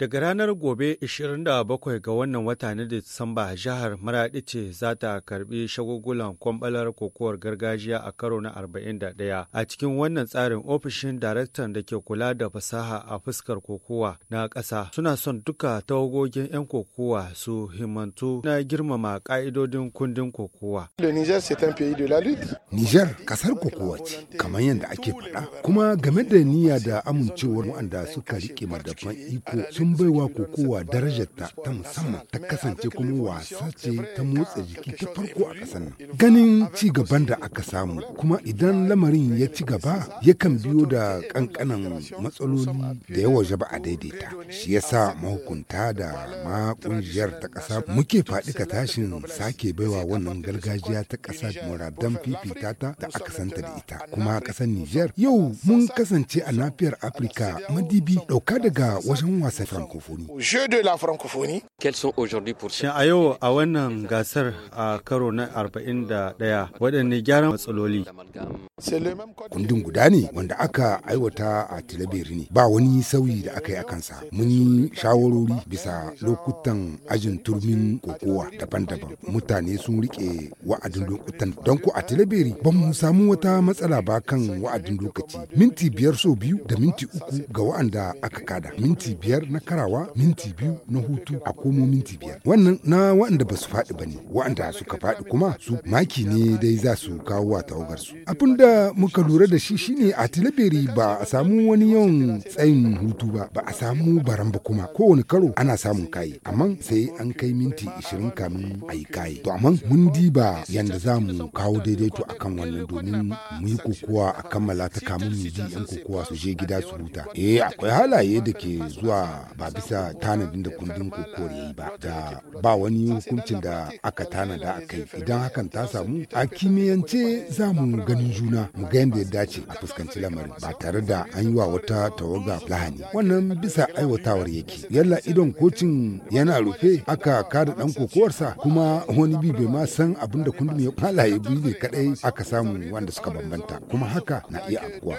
Daga ranar gobe 27 ga wannan wata na Disamba jihar Maraɗi ce za ta karbi shagugulan kwambalar kokowar gargajiya a karo na 41. A cikin wannan tsarin ofishin daraktan da ke kula da fasaha a fuskar kokowa na ƙasa suna son duka tawagogin 'yan kokowa su himmantu na girmama ƙa'idodin kundin kokowa. Nijar kasar kokowa ce kamar yadda ake faɗa kuma game da niyya da amincewar waɗanda suka riƙe madafan iko sun mun baiwa kokowa darajarta ta musamman ta kasance kuma wasa ce ta motsa jiki ta farko a ƙasar nan. Ganin ci gaban da aka samu kuma idan lamarin ya ci gaba yakan biyo da ƙanƙanan matsaloli da yawa jaba a daidaita. Shi yasa mahukunta da ma ƙungiyar ta ƙasa muke faɗi ka tashin sake baiwa wannan gargajiya ta ƙasa muradan fifita ta da aka santa da ita kuma ƙasar Nijar yau mun kasance a nafiyar Afirka madibi ɗauka daga wajen wasa francophonie. Jeux de la francophonie. Quels sont aujourd'hui pour Shin a yau a wannan gasar a karo na 41 waɗanne gyaran matsaloli. Kundin guda ne wanda aka aiwata a Tilaberi ne ba wani sauyi da aka yi a kansa. Mun yi shawarori bisa lokutan ajin turmin kokowa daban-daban. Mutane sun rike wa'adin lokutan don ku a Tilaberi ba mu samu wata matsala ba kan wa'adin lokaci. Minti biyar so biyu da minti uku ga wa'anda aka kada. Minti biyar na na karawa minti biyu na hutu a komo minti biyar. Wannan na waɗanda ba su faɗi ba ne, waɗanda suka faɗi kuma su maki ne dai za su kawo wa tawagar su. Abin da muka lura da shi shine a tilabiri ba a samu wani yawan tsayin hutu ba, ba a samu baran ba kuma kowane karo ana samun kayi, amma sai an kai minti ishirin kamin a yi kayi. To amma mun diba yanda za mu kawo daidaito akan wannan domin mu yi kokowa a kammala ta kamun mu ji 'yan kokowa su je gida su huta. Eh akwai halaye da ke zuwa ba bisa tanadin da kundin kokore ya yi ba da ba wani hukuncin da aka tanada a kai idan hakan ta samu a kimiyance za mu ganin juna mu ga yadda ya dace a fuskanci lamarin ba tare da an yi wa wata tawaga lahani wannan bisa aiwatawar yake yalla idon kocin yana rufe aka kada dan kokowarsa kuma wani bi bai ma san abin da kundin ya ya biyu ne kadai aka samu wanda suka bambanta kuma haka na iya afkuwa